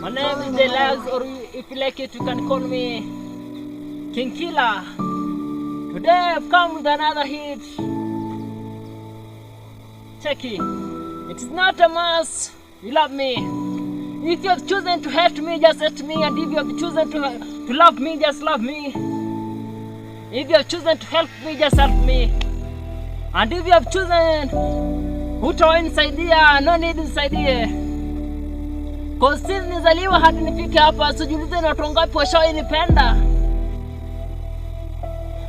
My name is Elias, or if you like it, you can call me King Killer. Today I've come with another hit. Check it. It is not a must. You love me. If you have chosen to hate me, just hate me. And if you have chosen to, to love me, just love me. If you have chosen to help me, just help me. And if you have chosen put inside here, no need inside here. Kosi nizaliwa hadi nifike hapa, sijulize ni watu wangapi washawainipenda,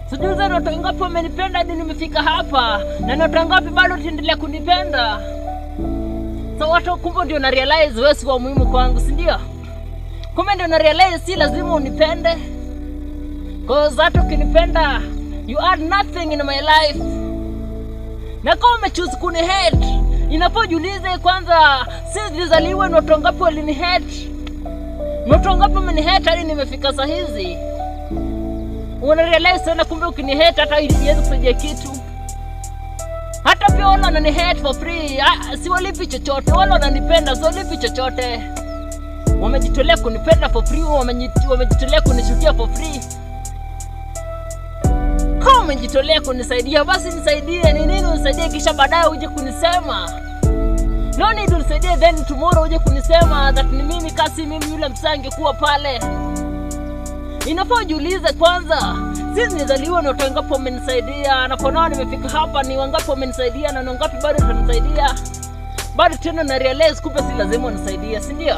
sijulize ni watu wangapi wamenipenda hadi nimefika hapa, na ni watu ngapi bado tuendelea kunipenda. So watu kumbe ndio na realize wewe si wa muhimu kwangu, si ndio? Kumbe ndio na realize si lazima unipende, cause hata ukinipenda you add nothing in my life, na kama umechoose hate inapojiuliza kwanza, si nilizaliwa ni watu wangapi walinihate, ni watu wangapi wamenihate hadi nimefika saa hizi. Unarealize sana, kumbe ukinihate hata haiwezi kusaidia kitu. Hata pia wale wananihate for free, ah, si walipi chochote. Wale wananipenda si walipi chochote, wamejitolea kunipenda for free, wamejitolea kunishukia for free umejitolea kunisaidia, basi nisaidie. Ni nini unisaidie, kisha baadaye uje kunisema no need unisaidie, then tomorrow uje kunisema that ni mimi kasi mimi yule msaa angekuwa pale. Inafaa ujiulize kwanza, sisi nizaliwa ni watu wangapi wamenisaidia, na kwa nao nimefika hapa, ni wangapi wamenisaidia, na ni wangapi bado utanisaidia Bado tena na realize kumbe si lazima unisaidia, si ndio?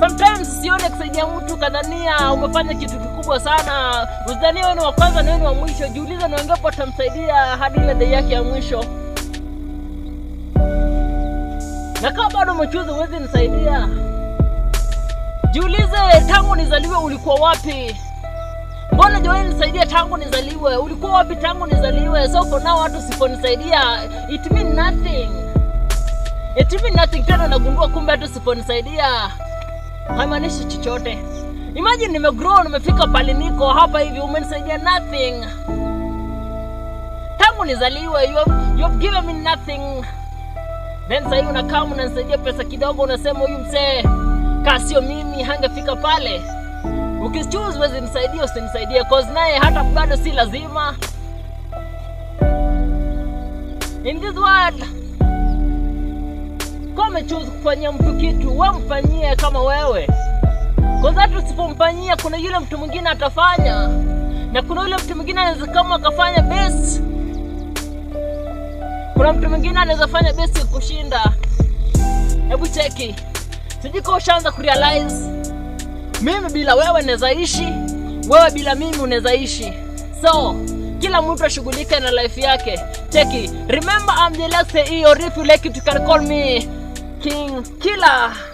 Sometimes sione kusaidia mtu kadhania umefanya kitu kikubwa sana, usidhania wewe ni wa kwanza na wewe ni wa mwisho. Jiulize ni wangapi watamsaidia hadi ile day yake ya mwisho. Na kama bado umechuza uweze nisaidia, jiulize tangu nizaliwe ulikuwa wapi? Mbona jawai nisaidia tangu nizaliwe? Ulikuwa wapi tangu nizaliwe? So for now watu siponisaidia, it mean nothing, it mean nothing. Tena nagundua kumbe hata siponisaidia haimaanishi chochote. Imagine nimegrow, nimefika pale niko hapa hivi, umenisaidia nothing tangu nizaliwe, you have, you have given me nothing. Then sasa hivi unakaa unanisaidia pesa kidogo, unasema huyu mzee ka sio mimi hangefika pale. Ukichoose wezi nisaidia usinisaidie, cause naye hata bado si lazima in this world amechozi kufanyia mtu kitu, we mfanyie kama wewe, kwa sababu usipomfanyia kuna yule mtu mwingine atafanya, na kuna yule mtu mwingine anaweza kama akafanya best, kuna mtu mwingine anaweza fanya best kushinda. Hebu cheki, sijui kama ushaanza kurealize mimi bila wewe naweza ishi, wewe bila mimi unaweza ishi. So kila mtu ashughulike na life yake. Cheki, remember I'm the last CEO. E If you like it, you can call me King Killer